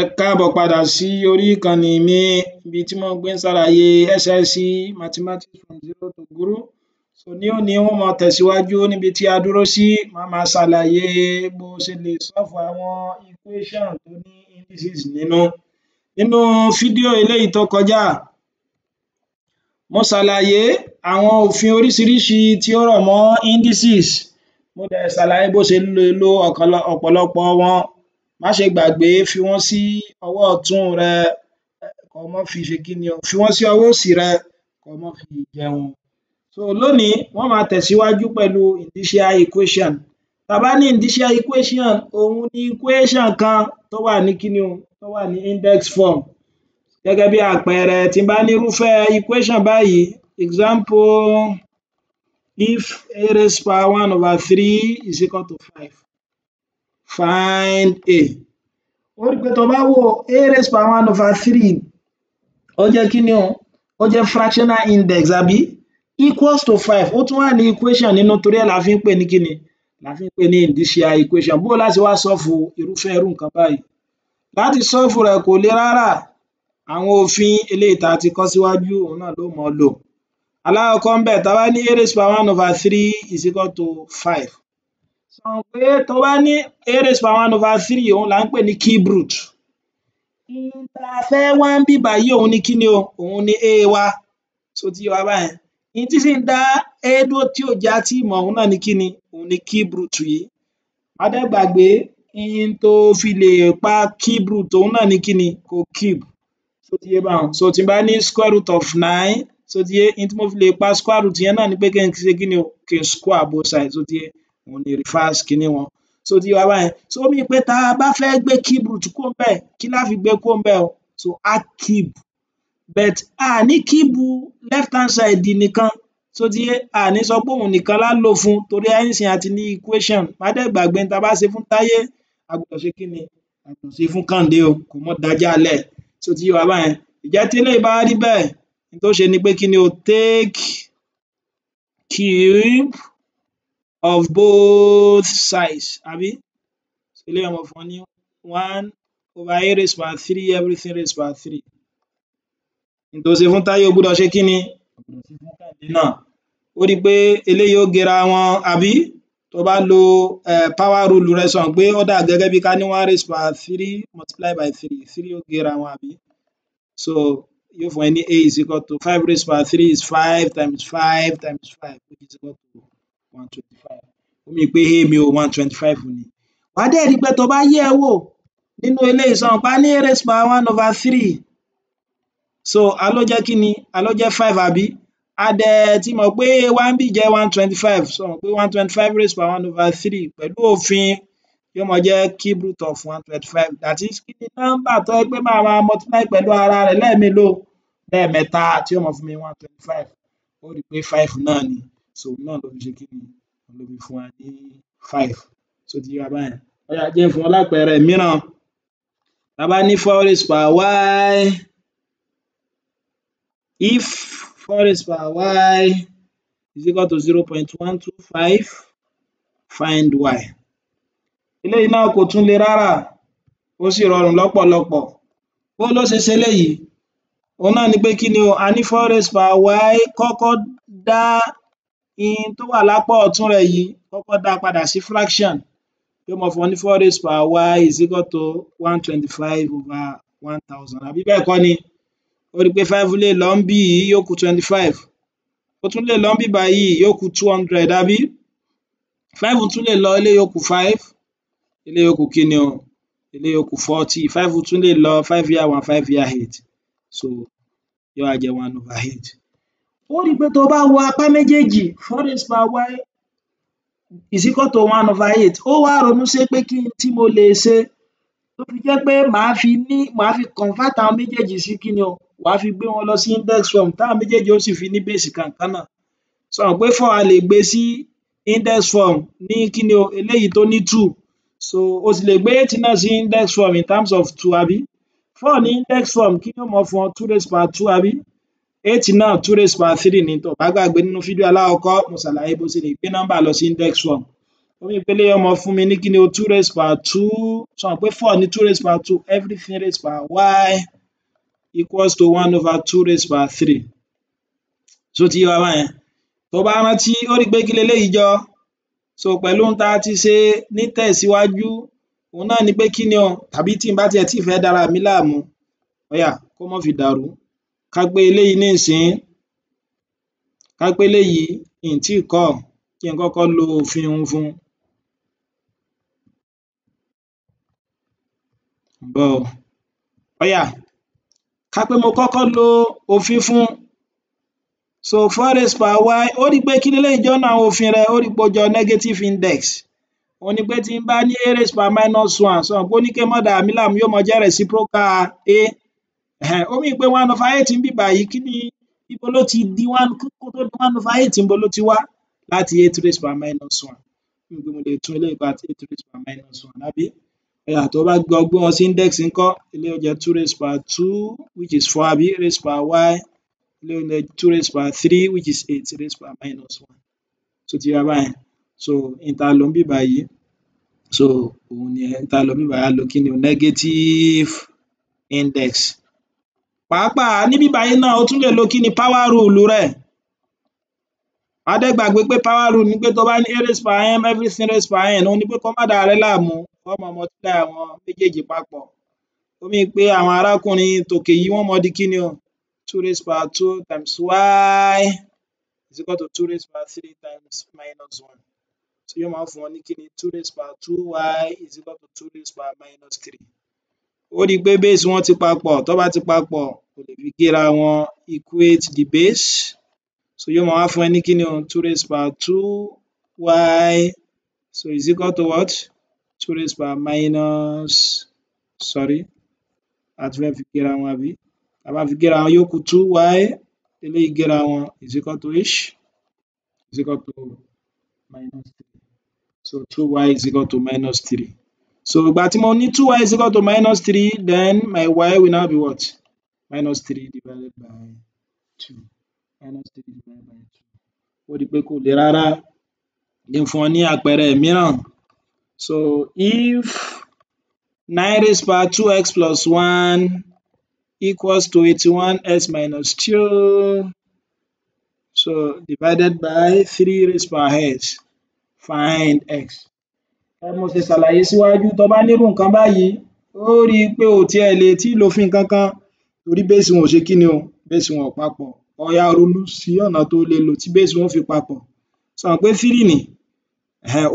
ẹ káàbọ̀ padà sí orí ìkànnì mi ibi tí mò ń ṣàlàyé SSC mathematics from zero to guru so ní òní wọn máa tẹ̀síwájú níbi tí a dúró sí màá máa ṣàlàyé bó ṣe lè solve àwọn equation tó ní indices nínú nínú fídíò eléyìí tó kọjá mo ṣàlàyé àwọn òfin oríṣiríṣi tí ó rọ̀ mọ́ indices mo dẹ̀ ṣàlàyé bó ṣe lè lo ọ̀pọ̀lọpọ̀ wọn má ṣe gbàgbé fi wọ́n sí ọwọ́ ọ̀tún rẹ kó má fi ṣe kíni o fi wọ́n sí ọwọ́ òsì rẹ kó má fi jẹun. So lónìí wọ́n máa tẹ̀síwájú pẹ̀lú indicial equation ta bá ní indicial equation òhun ni equation kan tó wà ní kíni o tó wà ní index form gẹ́gẹ́ bí àpẹẹrẹ tí n bá ní irúfẹ́ equation báyìí example if a raised power one over three is equal to five find a ó rí i pé tó bá wò a raised power one over three ó jẹ́ kí ni o ó jẹ́ fractional index àbí equals to five ó tún wà ní equation nínú torí ẹ̀ la fi ń pè ní kí ni la fi ń pè ní indicia equation bó o láti wá sọ́ọ̀fù irúfẹ́ irú nǹkan báyìí láti sọ́ọ̀fù rẹ̀ kò le rárá àwọn òfin eléyìí tá a ti kọ́ síwájú òun náà ló mọ̀ ọ́ lò alákọ̀ọ́kọ́ ń bẹ̀ tá a bá ní a raised power one over three is equal to five sọ pé tó bá ní a raised power one over three òun là ń pè ní cube root ohun tá a fẹ́ wá ń bì báyìí òun ni kíni o òun ni a wa so ti yé báyẹn ohun tí sì ń dá a tí ò jẹ́ tí mọ̀ òun náà ni kíni òun ni cube yìí má dẹ̀ tó fi lè pa cube root òun náà ni kíni kó cube so ti yé báwọn so tí bá ní square root of nine so ti yé ohun tí mo fi lè pa square root yẹn náà ni pé kí n ṣe kíni o kí n square both sides so ti yé òun ni reverse kinní wọn so ti yé wa so ó mean pé tá a bá fẹ́ gbé cube root kúrò ńbẹ̀ kí la fi gbé kúrò ńbẹ̀ o so a cube but a ní cube left hand side nìkan so ti yé a ní sọ pé òun nìkan la lò fún torí àìsàn àti ní equation má dẹ̀ gbàgbé ní ta bá ṣe fún Táyé a gbọ́dọ̀ ṣe kí ni a gbọ́dọ̀ ṣe fún Kàǹdé o kò mọ́ dájà lẹ̀ so ti yé wa báyẹn ìjẹ́ tí eléyìí bá rí bẹ́ẹ̀ n tó ṣe ni pé kí o take keep of both sides Abi. So let me ọ you. one over a raised by three everything raised by three n tó ṣe fún Táyé ó gbúdọ̀ ṣe kí ni náà ó gera wọn àbí tó bá lo power rule rẹ sọ pé order dà gẹ́gẹ́ bí ká ní one raised by three multiply by three three o gera wọn àbí so you fún ẹ a is equal to five raised by three is five times five times five which is equal to one twenty five ó mean pé a meal one twenty five ni wàá dẹ̀ ri pé tó bá yẹ̀ ẹ́ wò nínú eléyìí ṣo mọ̀ ní a raised one over three so a ló jẹ́ kí ni a ló jẹ́ five àbí a dẹ̀ ti mọ̀ pé one wá níbí jẹ́ one twenty five So, mọ̀ pé one twenty five raised to one over three pẹ̀lú òfin yóò mọ jẹ́ cube root of one twenty five that is kí ni nọ́mbà tó jẹ́ pé máa máa multiply pẹ̀lú ara rẹ̀ lẹ́ẹ̀mélòó lẹ́ẹ̀mẹ́ta tí yóò mọ fún mi one twenty five ó rí i pé five náà ni so òun náà ló fi ṣe kí ni òun ló fi fún wa ní five ṣó ti yé wa báyẹn ó yá fún ọ mìíràn tá ní four raised power y if four raised power y is equal to zero point one two five find y eléyìí náà kò tún le rárá ó sì rọrùn lọ́pọ̀lọpọ̀ bó ló ṣe ṣe eléyìí òun náà ni pé kí ni o a ní four raised power y kọ́kọ́ dá in tó wà lápá ọ̀tún rẹ̀ yìí kọ́kọ́ da padà sí fraction yóò máa fún ọ ní four raised to power y is equal to one twenty five over one thousand àbí bẹ́ẹ̀ kọ́ ni ó rí i pé five lè lọ ń yìí yóò kù twenty five ó tún lè lọ ń báyìí yóò kù two hundred àbí five tún lè lọ ilé yóò kù five ilé yóò kù kíni o ilé yóò kù forty five tún lè lọ five year one five year eight so yóò wá jẹ́ one over eight ó ri pé to bá wo apá méjèèjì four raised power y is equal to one over eight ó wá ronú sí pé kí n tí mo lè ṣe tó fi jẹ́ pé màá fi ní màá fi convert àwọn méjèèjì sí kí ni o wàá fi gbé wọn lọ sí index form táwọn méjèèjì ó sì fi ní base kan náà so mọ̀ pé four a lè gbé sí index form ní kí ni o eléyìí tó ní two so o sì lè gbé eight náà sí index form in terms of two àbí four ní index form kí ni ó mọ fún ọ two raised power two àbí eight náà two raised power three ní tó bá gbàgbé nínú fídíò alákọ̀ọ́kọ́ mo ṣàlàyé bó ṣe lè gbé nọ́mbà lọ sí index form omi ìpele ọmọ fún mi ní kíni o two raised power two sọ pé four ní two raised power two everything raised power y equals to one over two raised power three so ti yé wa báyẹn tó bá rántí ó rí pé kí leléyìí jọ so pẹ̀lú ohun tá a ti ṣe ní tẹ̀síwájú òun náà ni pé kíni o tàbí tí n bá tiẹ̀ tí ì fẹ́ dára mi láàmú ó kó má fi dàrú ká pé eléyìí nísìnyí ká pé eléyìí n ò tíì kọ́ ọ̀ kí n kọ́kọ́ lo òfin un fún un. Mò ń bọ̀ ká pé mo kọ́kọ́ lo òfin fún un so forest power, per y ó rí i pé kí leléyìí jọ nínú òfin rẹ̀ ó rí pé ó jọ negative index òhun ni pé tí n bá ní a raised per minus one so mọ̀ pé ó ní kí n má dàá láàmú yóò máa jẹ́ reciprocal a ẹ̀hẹ́n ó mì pé one over eight ń bì báyìí kí ni ibo ló ti di one kó tó di one over eight ibo ló ti wá láti eight raised power minus one mi pé mo lè eléyìí pa eight raised power minus one àbí ẹ̀yà tó bá gbọ́ ọgbọ́n sí index ńkọ́ eléyìí ó jẹ́ two raised power two which is four àbí raised power y eléyìí ó two raised power three which is eight raised power minus one so ti yá báyìí so interlo ń bì báyìí so òun ni interlo ń bì báyìí a lo kí ni negative index pàápàá níbí báyìí náà ó tún lè lo kíni power rule rẹ̀ wàá dẹ̀ pé power rule ni pé tó bá ní a raised per m everything raised per n òun ni pé kó má dà rẹ láàmú wọ́n mọ multiply àwọn méjèèjì papọ̀ ó mì pé àwọn arákùnrin tòkè yìí wọ́n mọ di kíni o two raised power two times y is equal to two raised power three times minus one so yóò máa fún wọn ní kíni two raised power two y is equal to two raised power minus three ó ri pé base wọn ti papọ̀ tán bá ti papọ̀ kò lè fi gé ra wọn equate the base so yó ma wá fún ẹ ní kíni o two raised power two y so is equal to what two raised power minus sorry a ti fẹ́ fi gé ra wọn àbí tá a bá fi gé ra wọn yó kù two y eléyìí gé wọn is equal to h is equal to minus three so two y is equal to minus three. So but tí mo two y is equal to minus three then my y will now be what? Minus three divided by two. Minus three divided by two. Ó di pé kò le rárá. Jẹ́ So if nine raised power two x plus one equals to eighty-one s minus two. So divided by three raised power x. Find x mo ṣe ṣàlàyé síwájú tó bá ní irú nǹkan báyìí ó rí i pé o ò tiẹ̀ lè tíì lòfin kankan torí béèsì wọn ò ṣe kíni o béèsì wọn ò papọ̀ ọ̀ọ́yá ronú sí ọ̀nà tó o lè lò tí béèsì wọn ó fi papọ̀ sọ mọ̀ pé three ni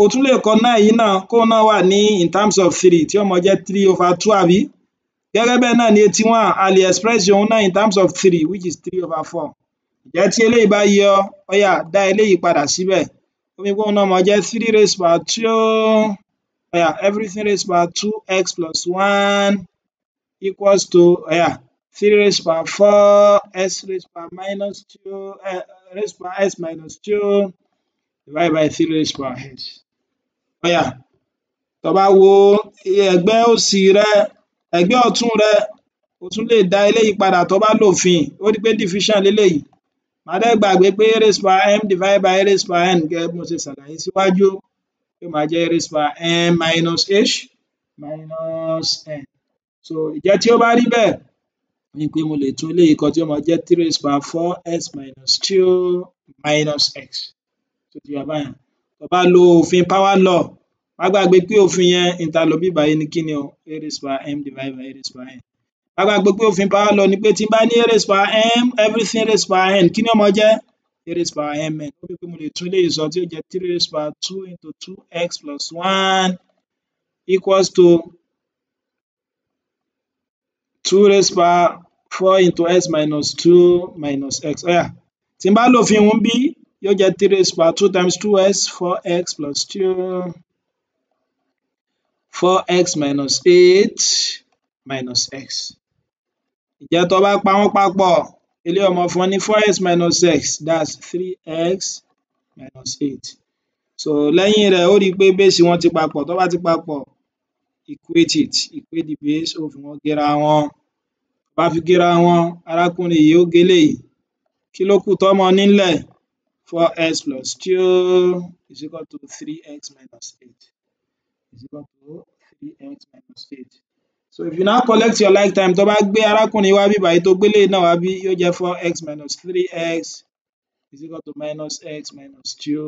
o tún lè kọ nine yìí náà kóun náà wà ní in terms of three tí ó jẹ́ three over two àbí gẹ́gẹ́ bẹ́ẹ̀ náà ni eighty one a express òun náà in terms of three which is three over four ǹjẹ́ tí eléyìí bá yẹ ọ́ ọ̀ọ́yá dá eléyìí padà síbẹ̀ omi go now. máa jẹ́ three raised by two Yeah, everything raised by two x plus one equals to yeah. three raised by four s raised by minus two uh, raised by s minus two divided by three raised by x oya tó bá wo ẹ̀gbẹ́ òsì rẹ ẹ̀gbẹ́ ọ̀tún rẹ o tún lè dá eléyìí padà tó bá lòfin ó rí i pé division leléyìí má dẹ̀ gbàgbé pé a raised m divided by a raised power n gẹ́gẹ́ bí mo ṣe ṣàlàyé síwájú yóò máa jẹ́ a raised power m minus h minus n so ìjẹ́ tí ó bá rí bẹ́ẹ̀ ni pé mo lè tún eléyìí kọ tí ó máa jẹ́ three raised four s minus two minus x tó ti wà báyẹn tó bá lo òfin power law má gbàgbé pé òfin yẹn n ta lò bíbáyìí ni kíni o a raised m divided by a raised n agbàgbé pé òfin power law ni pé tí n bá ní a raised m everything raised power n kí ni ó mọ jẹ́ a raised power mn ó rí i pé mo lè tún eléyìí sọ tí ó jẹ́ three raised power two into two x plus one equals to two raised power four into x minus two minus x ó yá tí n bá lo òfin bí yóò jẹ́ three raised two times two x four x plus two four x minus eight minus x. Ǹjẹ́ tí o bá pa wọ́n papọ̀ eléyìí ó fún wọn ní four x minus x that's three x minus eight so lẹ́yìn rẹ̀ ó ri pé base wọn ti papọ̀ tí wọ́n bá ti papọ̀ equate it equate the base ó fi wọ́n gé ara wọn tó bá fi gé ara wọn arákùnrin yìí ó gé eléyìí kí ló kù tí ní nílẹ̀ four x plus two is equal to three x minus eight is equal to three x minus eight So if you now collect your like time tó bá gbé arákùnrin wá by to tó na eléyìí náà wá bí x minus three x is equal to minus x minus two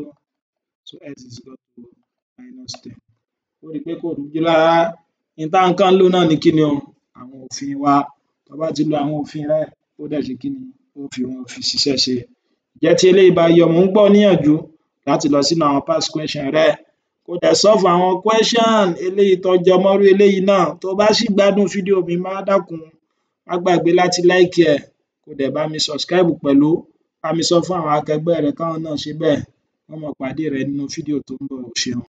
so x is equal to minus ten. Ó rí i pé kò rújú rárá n tá n kàn ń ni kíni o àwọn òfin wa tó bá ti lo àwọn òfin rẹ̀ ó dẹ̀ ṣe kíni ó fi wọn fi ṣiṣẹ́ ṣe. Ǹjẹ́ tí eléyìí bá yé ọ mò ń gbà ọ́ lọ sínú àwọn past question rẹ kó dẹ̀ solve àwọn question eléyìí tó jọ mọ́rú eléyìí náà tó o bá ṣì gbádùn fídíò mi má dákun má gbàgbé láti like ẹ̀ kó dẹ̀ bá mi subscribe pẹ̀lú bá mi sọ fún àwọn akẹgbẹ́ rẹ káwọn náà ṣe bẹ́ẹ̀, wọ́n máa pàdé rẹ nínú fídíò tó ń bọ̀ o ṣeun.